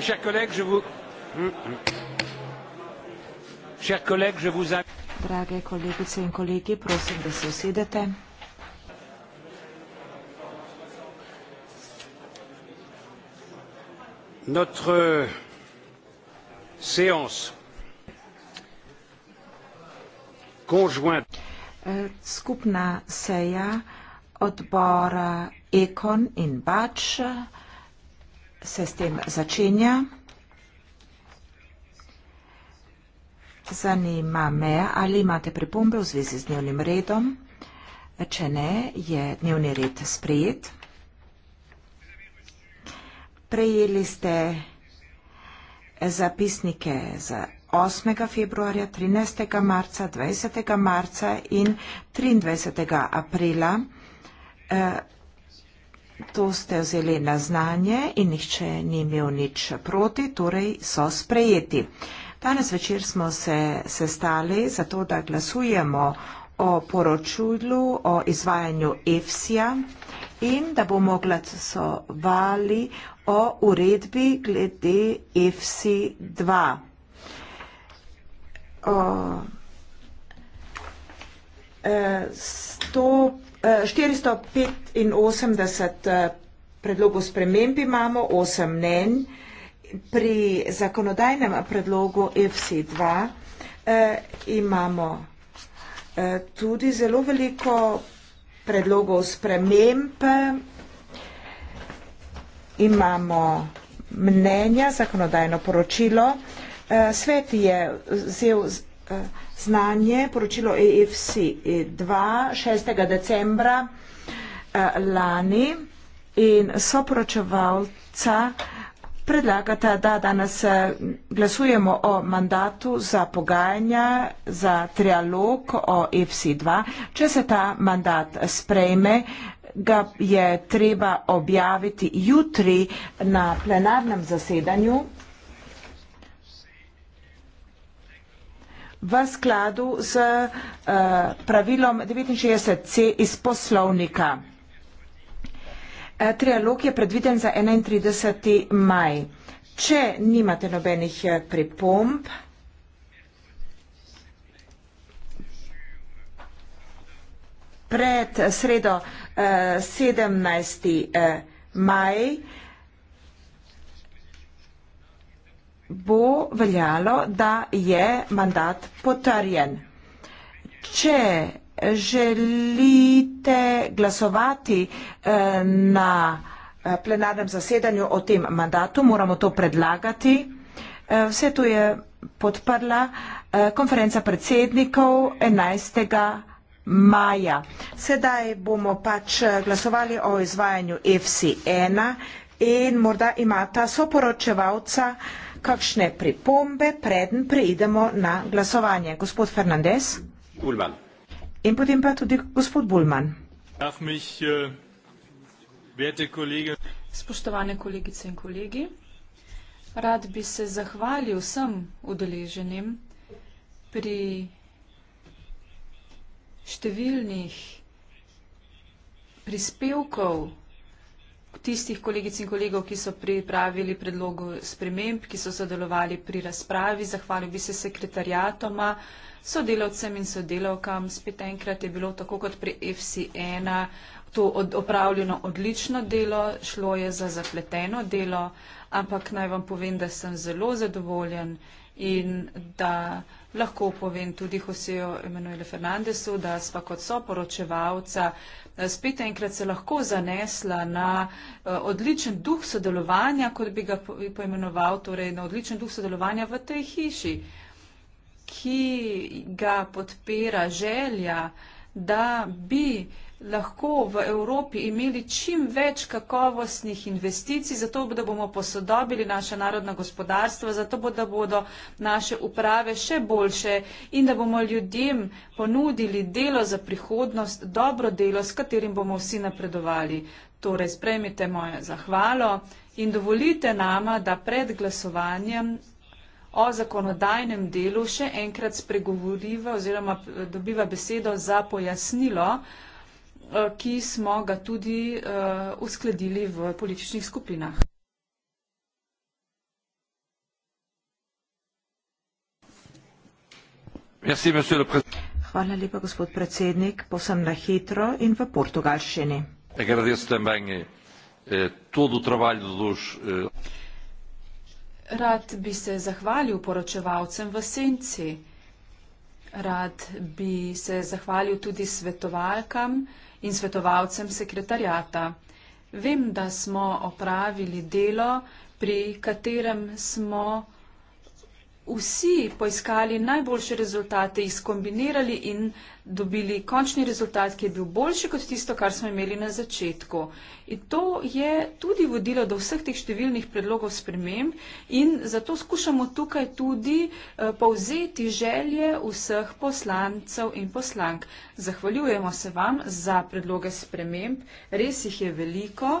chers collègues je vous mm, mm. Chers collègues, je vous Drage kolegice in kolegi, prosim, da se usedete. Notre euh, séance conjointe. Eh, skupna seja odbora Ekon in Bač se s tem začenja. Zanima me, ali imate pripombe v zvezi z dnevnim redom. Če ne, je dnevni red sprejet. Prejeli ste zapisnike za 8. februarja, 13. marca, 20. marca in 23. aprila. Eh, To ste vzeli na znanje in nihče ni imel nič proti, torej so sprejeti. Danes večer smo se sestali zato, da glasujemo o poročilu o izvajanju EFSIA in da bomo glasovali o uredbi glede EFSI 2. 485 eh, predlogov sprememb imamo, 8 mnen. Pri zakonodajnem predlogu FC2 eh, imamo eh, tudi zelo veliko predlogov sprememb. Imamo mnenja, zakonodajno poročilo. Svet je vzel znanje, poročilo AFC 2, 6. decembra eh, lani in soporočevalca predlagata, da danes eh, glasujemo o mandatu za pogajanja, za trialog o AFC 2. E Če se ta mandat sprejme, ga je treba objaviti jutri na plenarnem zasedanju v skladu z uh, pravilom 69c iz poslovnika. Eh, trialog je predviden za 31. maj. Če nimate nobenih eh, pripomb, pred sredo 17. maj bo veljalo, da je mandat potrjen. Če želite glasovati eh, na eh, plenarnem zasedanju o tem mandatu, moramo to predlagati. Eh, vse to je podprla konferenca predsednikov 11. maja. Sedaj bomo pač glasovali o izvajanju FC1 in morda imata soporočevalca kakšne pripombe, preden preidemo na glasovanje. Gospod Fernandez. Ulman. In potem pa tudi gospod Bulman. Äh, Spoštovane kolegice in kolegi, rad bi se zahvalil vsem udeleženim pri številnih prispevkov tistih kolegic in kolegov, ki so pripravili predlogu sprememb, ki so sodelovali pri razpravi. Zahvalil bi se sekretarjatoma, sodelavcem in sodelavkam. Spet enkrat je bilo tako kot pri FC1 to od, opravljeno odlično delo, šlo je za zapleteno delo, ampak naj vam povem, da sem zelo zadovoljen in da lahko povem tudi Joseju Emanuele Fernandesu, da sva kot soporočevalca eh, spet enkrat se lahko zanesla na eh, odličen duh sodelovanja, kot bi ga poimenoval, torej na odličen duh sodelovanja v tej hiši, ki ga podpira želja, da bi lahko v Evropi imeli čim več kakovostnih investicij, zato da bomo posodobili naše narodna gospodarstva, zato da bodo naše uprave še boljše in da bomo ljudem ponudili delo za prihodnost, dobro delo, s katerim bomo vsi napredovali. Torej, sprejmite mojo zahvalo in dovolite nama, da pred glasovanjem o zakonodajnem delu še enkrat spregovoriva oziroma dobiva besedo za pojasnilo, Eh, ki smo ga tudi eh, uskladili v političnih skupinah. Hvala lepa, gospod predsednik, posem na hitro in v portugalščini. Eh, rad bi se zahvalil poročevalcem v senci, rad bi se zahvalil tudi svetovalkam, in svetovalcem sekretarjata. Vem, da smo opravili delo, pri katerem smo vsi poiskali najboljše rezultate, jih skombinirali in dobili končni rezultat, ki je bil boljši kot tisto, kar smo imeli na začetku. In to je tudi vodilo do vseh teh številnih predlogov sprememb in zato skušamo tukaj tudi eh, povzeti želje vseh poslancev in poslank. Zahvaljujemo se vam za predloge sprememb, res jih je veliko,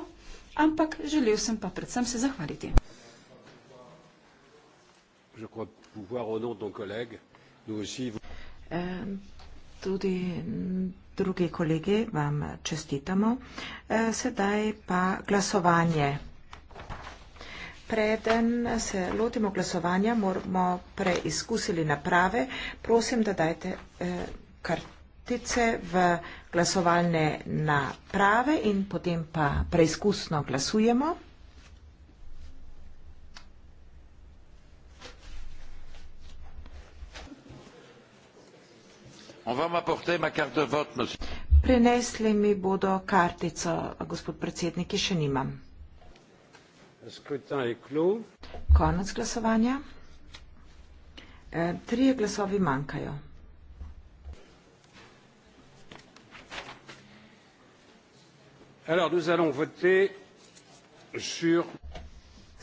ampak želel sem pa predvsem se zahvaliti. Že kot pouvoir, au nom de nos collègues, nous aussi vous. Tudi drugi kolegi vam čestitamo. E, sedaj pa glasovanje. Preden se lotimo glasovanja, moramo preizkusili naprave. Prosim, da dajte e, kartice v glasovalne naprave in potem pa preizkusno glasujemo. Prinesli mi bodo kartico, gospod predsednik, ki še nimam. Konec glasovanja. E, trije glasovi manjkajo. Sur...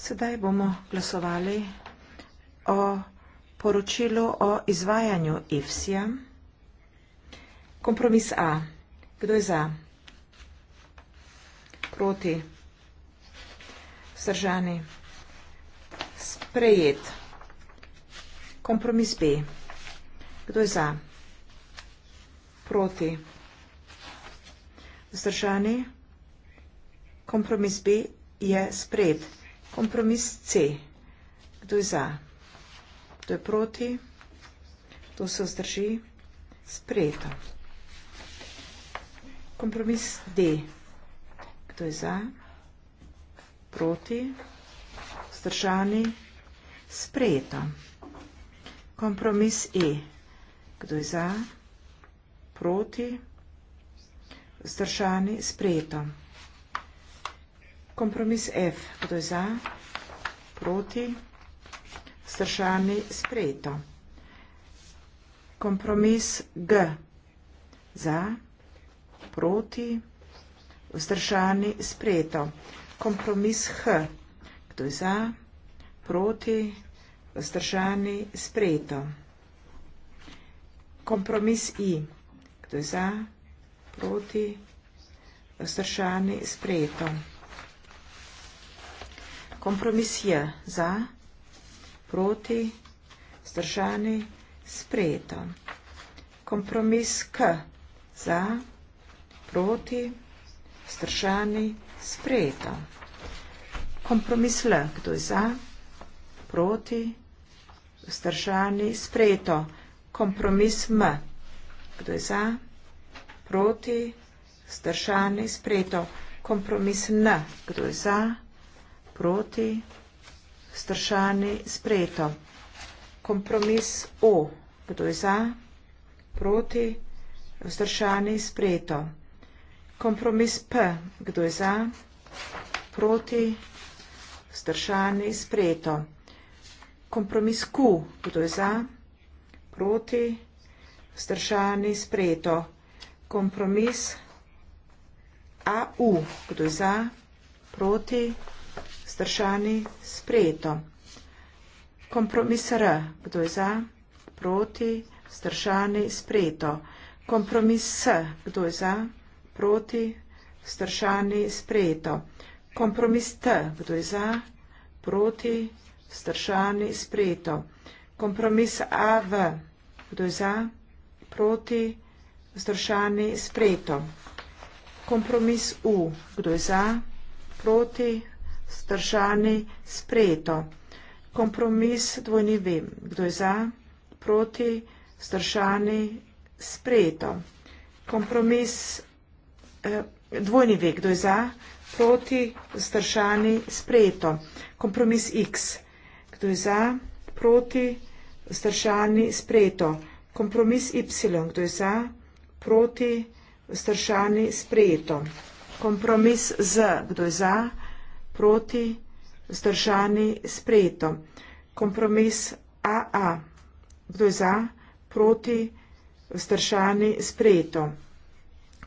Sedaj bomo glasovali o poročilu o izvajanju IFSI-ja. Kompromis A. Kdo je za? Proti. Sržani. Sprejet. Kompromis B. Kdo je za? Proti. Zdržani. Kompromis B je sprejet. Kompromis C. Kdo je za? Kdo je proti? Kdo se vzdrži? Sprejeto kompromis D. Kdo je za? Proti? Zdržani? Sprejeto. Kompromis E. Kdo je za? Proti? Zdržani? Sprejeto. Kompromis F. Kdo je za? Proti? Zdržani? Sprejeto. Kompromis G. Za? Proti? proti, vzdržani, sprejeto. Kompromis H. Kdo je za, proti, vzdržani, sprejeto. Kompromis I. Kdo je za, proti, vzdržani, sprejeto. Kompromis J. Za, proti, vzdržani, sprejeto. Kompromis K. Za, proti, vzdržani, sprejeto proti, stršani, sprejeta. Kompromis L, kdo je za, proti, stršani, sprejeto. Kompromis M, kdo je za, proti, stršani, sprejeto. Kompromis N, kdo je za, proti, stršani, sprejeto. Kompromis O, kdo je za, proti, stršani, sprejeto. Kompromis O, kdo je za, proti, stršani, sprejeto. Kompromis P. Kdo je za? Proti? Vzdržani? Sprejeto. Kompromis Q. Kdo je za? Proti? Vzdržani? Sprejeto. Kompromis AU. Kdo je za? Proti? Vzdržani? Sprejeto. Kompromis R. Kdo je za? Proti? Vzdržani? Sprejeto. Kompromis S. Kdo je za? Proti? proti, vzdržani, sprejeto. Kompromis T, kdo je za, proti, vzdržani, sprejeto. Kompromis AV, kdo je za, proti, vzdržani, sprejeto. Kompromis U, kdo je za, proti, vzdržani, sprejeto. Kompromis dvojni V, kdo je za, proti, vzdržani, sprejeto. Kompromis eh, dvojni ve, kdo je za, proti, vzdržani, sprejeto. Kompromis X. Kdo je za, proti, vzdržani, sprejeto. Kompromis Y. Kdo je za, proti, vzdržani, sprejeto. Kompromis Z. Kdo je za, proti, vzdržani, sprejeto. Kompromis AA. Kdo je za, proti, vzdržani, sprejeto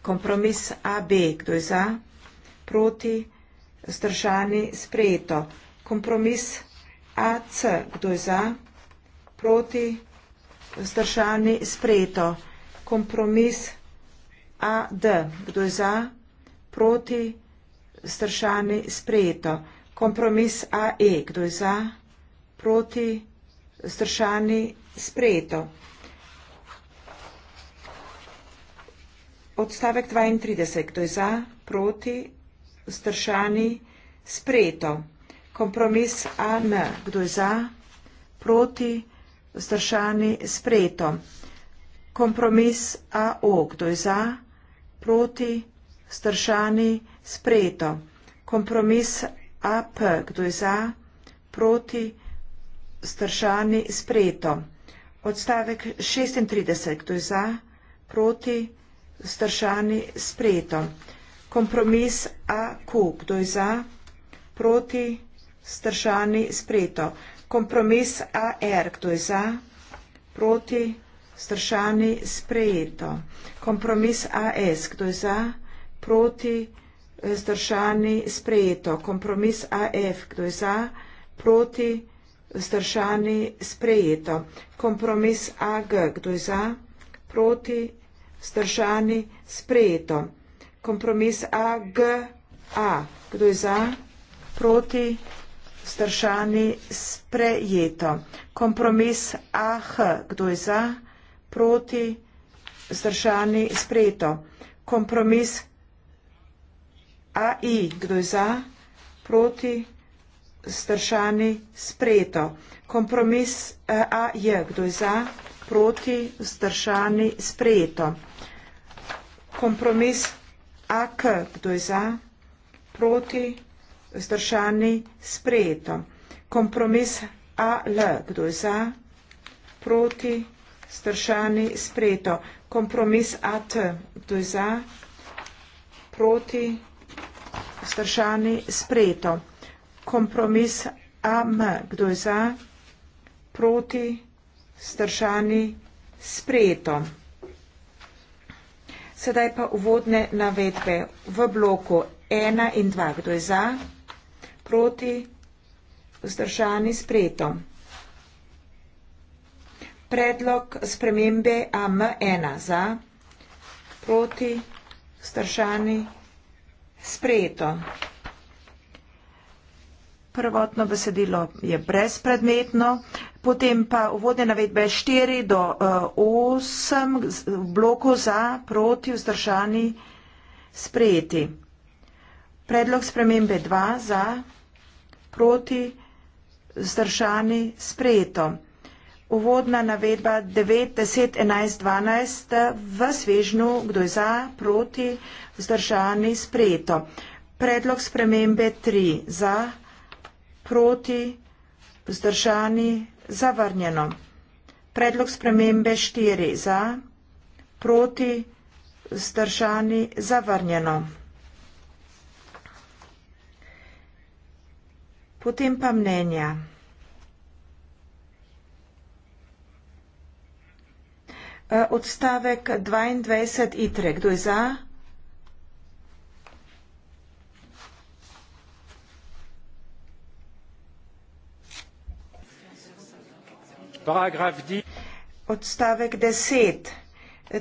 kompromis AB, kdo je za, proti, zdržani, sprejeto. Kompromis AC, kdo je za, proti, zdržani, sprejeto. Kompromis AD, kdo je za, proti, zdržani, sprejeto. Kompromis AE, kdo je za, proti, zdržani, sprejeto. odstavek 32. Kdo je za, proti, vzdržani, sprejeto. Kompromis AN. Kdo je za, proti, vzdržani, sprejeto. Kompromis AO. Kdo je za, proti, vzdržani, sprejeto. Kompromis AP. Kdo je za, proti, vzdržani, sprejeto. Odstavek 36. Kdo je za, proti, vzdržani, sprejeto. Zdržani sprejeto. Kompromis AQ. Kdo je za? Proti. Zdržani sprejeto. Kompromis AR. Kdo je za? Proti. Zdržani sprejeto. Kompromis AS. Kdo je za? Proti. Zdržani sprejeto. Kompromis AF. Kdo je za? Proti. Zdržani sprejeto. Kompromis AG. Kdo je za? Proti. Vzdržani, sprejeto. Kompromis A, G, A. Kdo je za? Proti, vzdržani, sprejeto. Kompromis A, H. Kdo je za? Proti, vzdržani, sprejeto. Kompromis A, I. Kdo je za? Proti, vzdržani, sprejeto stršani sprejeto. Kompromis eh, A je, kdo je za, proti, stršani sprejeto. Kompromis AK, kdo je za, proti, vzdržani, sprejeto. Kompromis AL, kdo je za, proti, vzdržani, sprejeto. Kompromis AT, kdo je za, proti, vzdržani, sprejeto kompromis AM. Kdo je za? Proti? Stržani? Sprejeto. Sedaj pa uvodne navedbe v bloku 1 in 2. Kdo je za? Proti? Zdržani sprejeto. Predlog spremembe AM1 za proti zdržani sprejeto. Prvotno besedilo je brezpredmetno, potem pa uvodne navedbe 4 do 8 eh, v bloku za, proti, vzdržani, sprejeti. Predlog spremembe 2 za, proti, vzdržani, sprejeto. Uvodna navedba 9, 10, 11, 12 v svežnju, kdo je za, proti, vzdržani, sprejeto. Predlog spremembe 3 za, proti, vzdržani, sprejeto proti, vzdržani, zavrnjeno. Predlog spremembe 4 za, proti, vzdržani, zavrnjeno. Potem pa mnenja. E, odstavek 22 itre. Kdo je za? Kdo je za? Odstavek 10.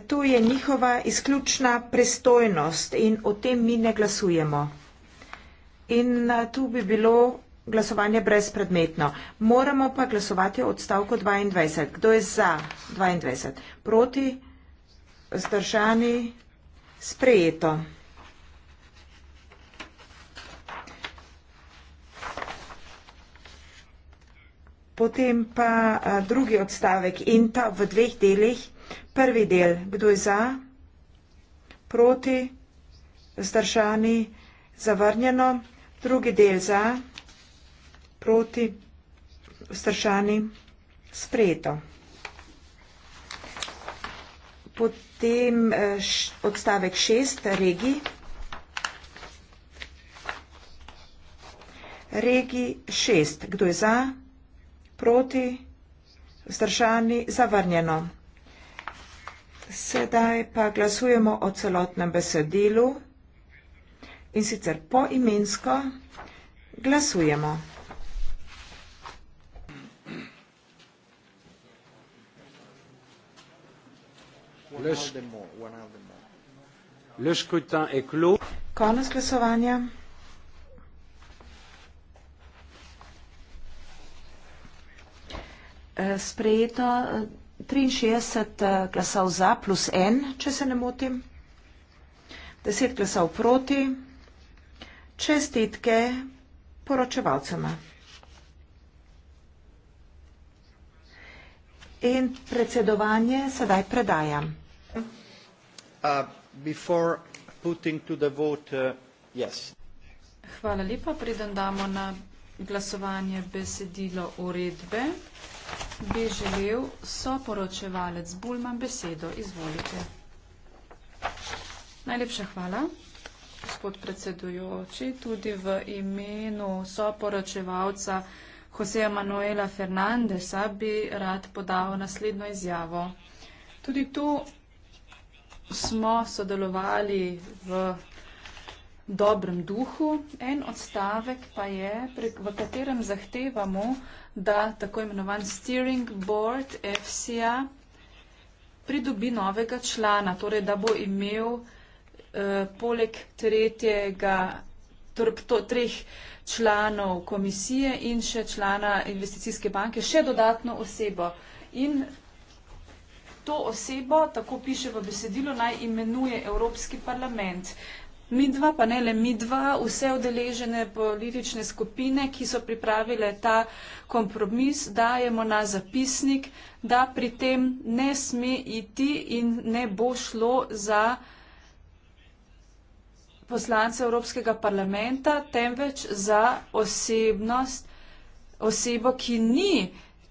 To je njihova izključna prestojnost in o tem mi ne glasujemo. In tu bi bilo glasovanje brezpredmetno. Moramo pa glasovati o odstavku 22. Kdo je za 22? Proti? Zdržani? Sprejeto. Potem pa a, drugi odstavek in ta v dveh delih. Prvi del, kdo je za, proti, zdržani, zavrnjeno. Drugi del za, proti, zdržani, sprejeto. Potem e, š, odstavek šest, regi. Regi šest, kdo je za, proti proti, vzdržani, zavrnjeno. Sedaj pa glasujemo o celotnem besedilu in sicer po imensko glasujemo. Le skutin je klo. Konec glasovanja. sprejeto 63 eh, glasov za plus en, če se ne motim, 10 glasov proti. Čestitke poročevalcema. In predsedovanje sedaj predajam. Uh, uh, Hvala lepa, preden damo na glasovanje besedilo uredbe. Bi želel soporočevalec Bulman besedo. Izvolite. Najlepša hvala, gospod predsedujoči, tudi v imenu soporočevalca Joseja Manuela Fernandesa bi rad podal naslednjo izjavo. Tudi tu smo sodelovali v dobrem duhu. En odstavek pa je, v katerem zahtevamo, da tako imenovan steering board FCA pridobi novega člana, torej da bo imel eh, poleg tretjega, torej to, treh članov komisije in še člana investicijske banke še dodatno osebo. In To osebo, tako piše v besedilu, naj imenuje Evropski parlament. Mi dva, pa ne le mi dva, vse odeležene politične skupine, ki so pripravile ta kompromis, dajemo na zapisnik, da pri tem ne sme iti in ne bo šlo za poslance Evropskega parlamenta, temveč za osebnost, osebo, ki ni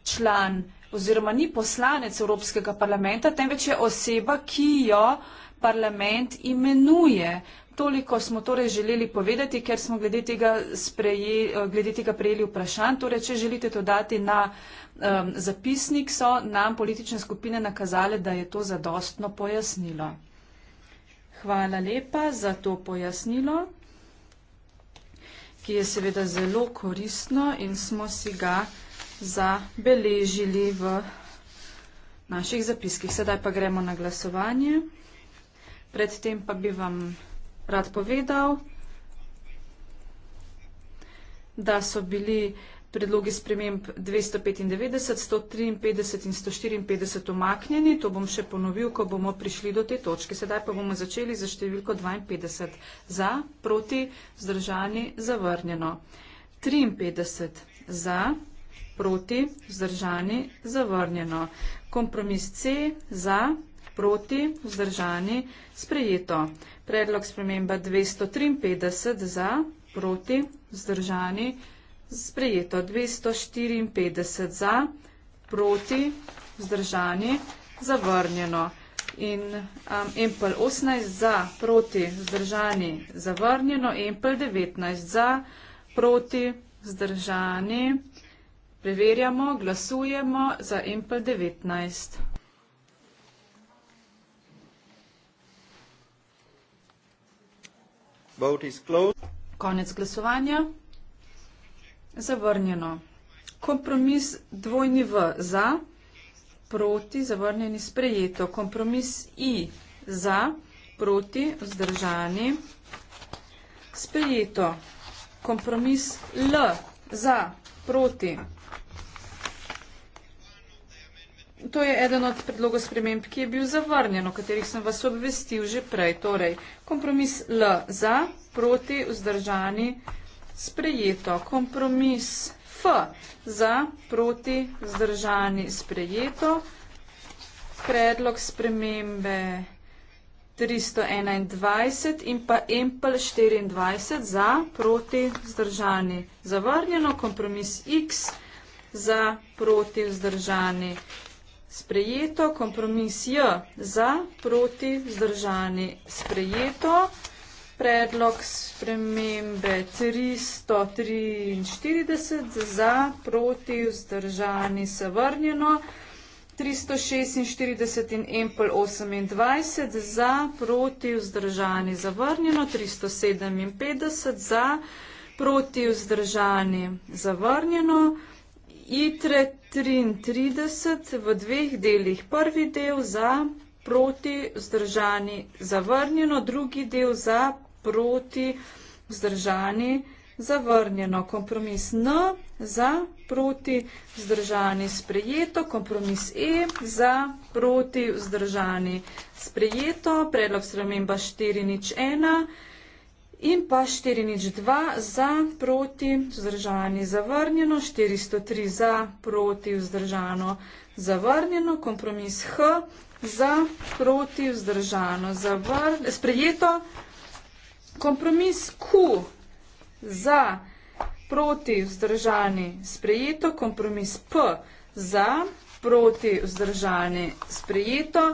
član oziroma ni poslanec Evropskega parlamenta, temveč je oseba, ki jo parlament imenuje. Toliko smo torej želeli povedati, ker smo glede tega, spreje, eh, glede tega prejeli vprašanj. Torej, če želite to dati na um, zapisnik, so nam politične skupine nakazale, da je to zadostno pojasnilo. Hvala lepa za to pojasnilo, ki je seveda zelo koristno in smo si ga zabeležili v naših zapiskih. Sedaj pa gremo na glasovanje. Predtem pa bi vam rad povedal, da so bili predlogi sprememb 295, 153 in 154 omaknjeni. To bom še ponovil, ko bomo prišli do te točke. Sedaj pa bomo začeli za številko 52. Za, proti, zdržani, zavrnjeno. 53 za, proti, zdržani, zavrnjeno. Kompromis C za, proti, zdržani, zavrnjeno proti, vzdržani, sprejeto. Predlog sprememba 253 za, proti, vzdržani, sprejeto. 254 za, proti, vzdržani, zavrnjeno. In um, empl 18 za, proti, vzdržani, zavrnjeno. Empl 19 za, proti, vzdržani. Preverjamo, glasujemo za empl 19. Konec glasovanja. Zavrnjeno. Kompromis dvojni v za, proti, zavrnjeni sprejeto. Kompromis i za, proti, vzdržani, sprejeto. Kompromis l za, proti, vzdržani. To je eden od predlogov sprememb, ki je bil zavrnjen, o katerih sem vas obvestil že prej. Torej, kompromis L za, proti, vzdržani, sprejeto. Kompromis F za, proti, vzdržani, sprejeto. Predlog spremembe 321 in pa Empel 24 za, proti, vzdržani, zavrnjeno. Kompromis X za, proti, vzdržani, sprejeto sprejeto, kompromis J za, proti, zdržani, sprejeto, predlog spremembe 343 za, proti, vzdržani, zavrnjeno, 346 in Empel 28 za, proti, vzdržani, zavrnjeno, 357 za, proti, vzdržani, zavrnjeno, ITRE 33 v dveh delih. Prvi del za, proti, vzdržani, zavrnjeno, drugi del za, proti, vzdržani, zavrnjeno. Kompromis N za, proti, vzdržani, sprejeto. Kompromis E za, proti, vzdržani, sprejeto. Predlog sprememba 401 in pa 4 nič 2 za, proti, vzdržani, zavrnjeno, 403 za, proti, vzdržano, zavrnjeno, kompromis H za, proti, vzdržano, zavrnjeno, sprejeto, kompromis Q za, proti, vzdržani, sprejeto, kompromis P za, proti, vzdržani, sprejeto, kompromis P za, proti, vzdržani, sprejeto,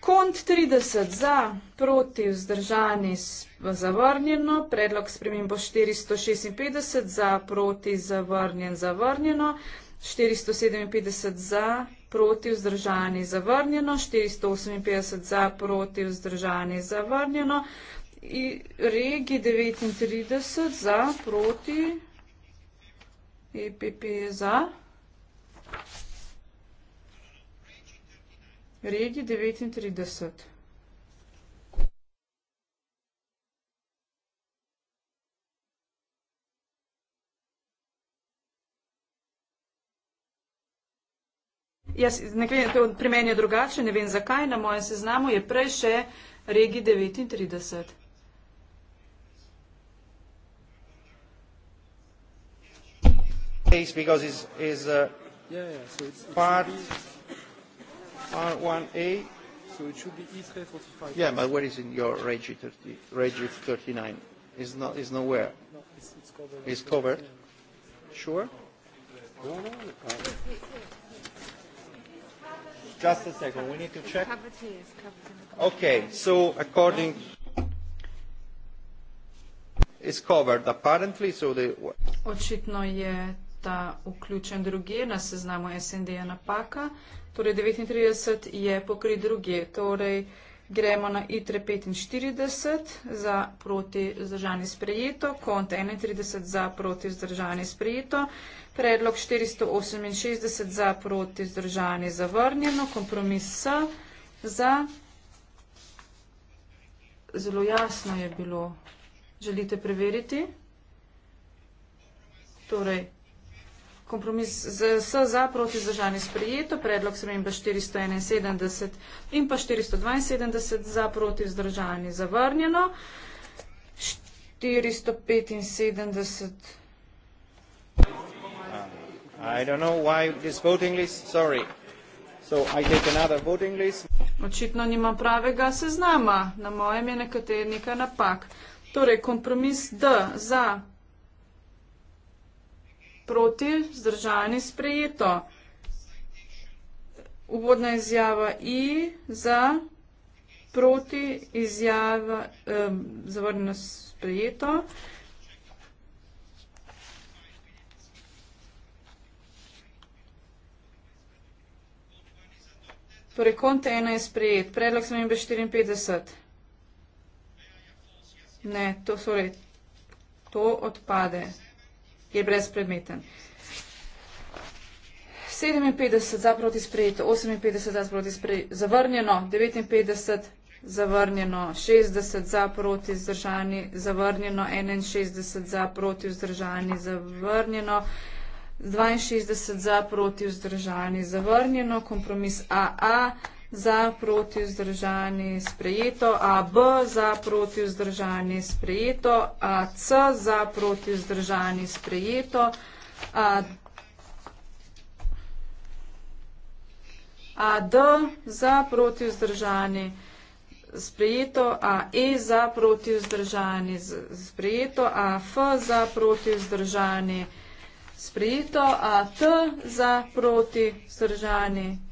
Kont 30 za, proti vzdržani zavrnjeno, predlog spremim bo 456 za, proti zavrnjen zavrnjeno, 457 za, proti vzdržani zavrnjeno, 458 za, proti vzdržani zavrnjeno, regi 39 za, proti, EPP je za. Regi 39. Jaz, nekaj, pri meni je drugače, ne vem zakaj, na mojem seznamu je prej še regi 39. Peace, because it's, it's, uh, yeah, yeah, so it's, it's part... R1A, so it should be E345. Yeah, but where is in your RG39? RG it's, not, it's nowhere. No, it's, it's covered. It's covered? Yeah. Sure? No, no, no. Just a second, we need to check. Okay, so according... It's covered apparently, so the... Očitno je ta vključen druge na seznamu SND-ja napaka. Torej 39 je pokrit druge. Torej gremo na ITRE 45 za proti zdržanje sprejeto, kont 31 za proti zdržanje sprejeto, predlog 468 za proti zdržanje zavrnjeno, kompromis S za. Zelo jasno je bilo. Želite preveriti? Torej, kompromis z SZA proti zdržanju sprejeto, predlog spremembe 471 in pa 472 za proti vzdržanju zavrnjeno, 475. I don't know why this voting list, sorry. So I take another voting list. Očitno nimam pravega seznama. Na mojem je nekaj napak. Torej, kompromis D za proti, zdržani, sprejeto. Uvodna izjava I, za, proti, izjava, eh, zavrnjeno, sprejeto. Torej, konta ena je sprejet, predlog sem imel 54. Ne, to, sorry, to odpade je brezpredmeten. 57 za proti sprejeto, 58 za proti sprejeto, zavrnjeno, 59 zavrnjeno, 60 za proti vzdržani, zavrnjeno, 61 za proti vzdržani, zavrnjeno, 62 za proti vzdržani, zavrnjeno, kompromis AA za proti vzdržani sprejeto, AB za proti vzdržani sprejeto, AC za proti vzdržani sprejeto, AD za proti vzdržani sprejeto, AE za proti vzdržani sprejeto, AF za proti vzdržani sprejeto, AT za proti vzdržani sprejeto,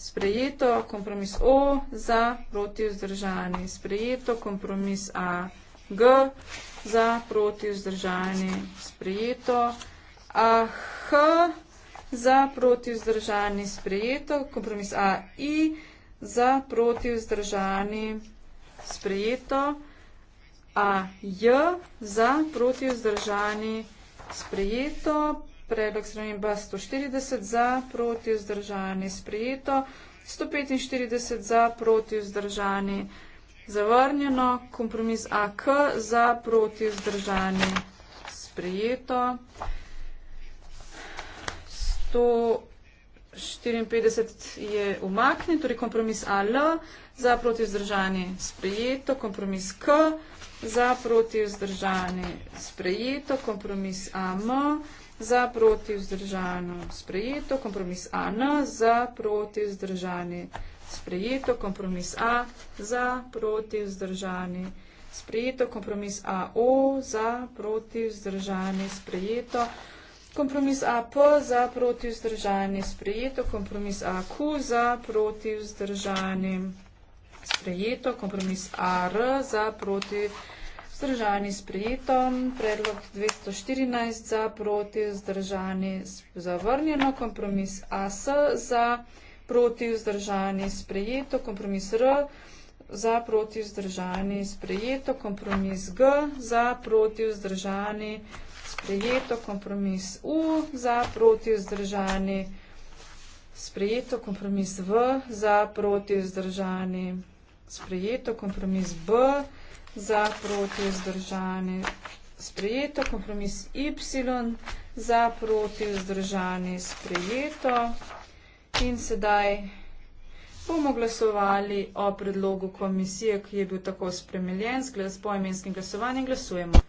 Sprejeto, kompromis O, za, proti vzdržani. Sprejeto, kompromis A, G, za, proti vzdržani. Sprejeto, A, H, za, proti vzdržani. Sprejeto, kompromis A, I, za, proti vzdržani. Sprejeto, A, J, za, proti vzdržani. Sprejeto, predlog sprememba 140 za, proti vzdržani sprejeto, 145 za, proti vzdržani zavrnjeno, kompromis AK za, proti vzdržani sprejeto, 154 je umaknjen, torej kompromis AL za, proti vzdržani sprejeto, kompromis K. Za proti vzdržani sprejeto kompromis AM, za proti vzdržano sprejeto, kompromis A N, za proti vzdržani sprejeto, kompromis A, za proti vzdržani sprejeto, kompromis A O, za proti vzdržani sprejeto, kompromis A P, za proti vzdržani sprejeto, kompromis A Q, za proti vzdržani sprejeto, kompromis A R, za proti vzdržani sprejeto, Zdržani sprejetom, predlog 214 za proti, zdržani zavrnjeno, kompromis AS za proti, zdržani sprejeto, kompromis R za proti, zdržani sprejeto, kompromis G za proti, zdržani sprejeto, kompromis U za proti, zdržani sprejeto, kompromis V za proti, zdržani sprejeto sprejeto, kompromis B za proti vzdržani, sprejeto, kompromis Y za proti vzdržani, sprejeto. In sedaj bomo glasovali o predlogu komisije, ki je bil tako spremeljen, s pojmenskim glasovanjem glasujemo.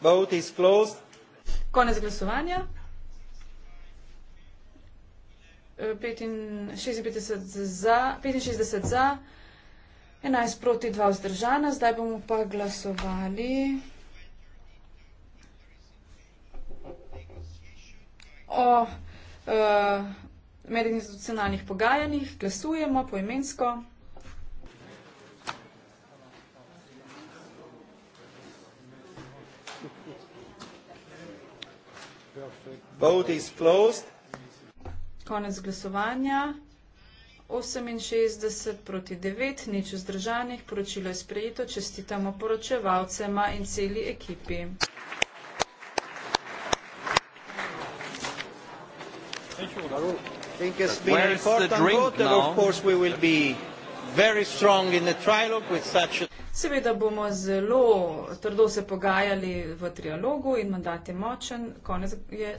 Vote is closed. Konec glasovanja. 65 e, za, 11 proti 2 vzdržana. Zdaj bomo pa glasovali. O uh, medinstitucionalnih pogajanjih glasujemo poimensko. Vote is closed. Konec glasovanja. 68 proti 9, nič vzdržanih, poročilo je sprejeto, čestitamo poročevalcema in celi ekipi. Thank you. I think it's been an important vote and of course we will be Seveda bomo zelo trdo se pogajali v trialogu in mandat je močen.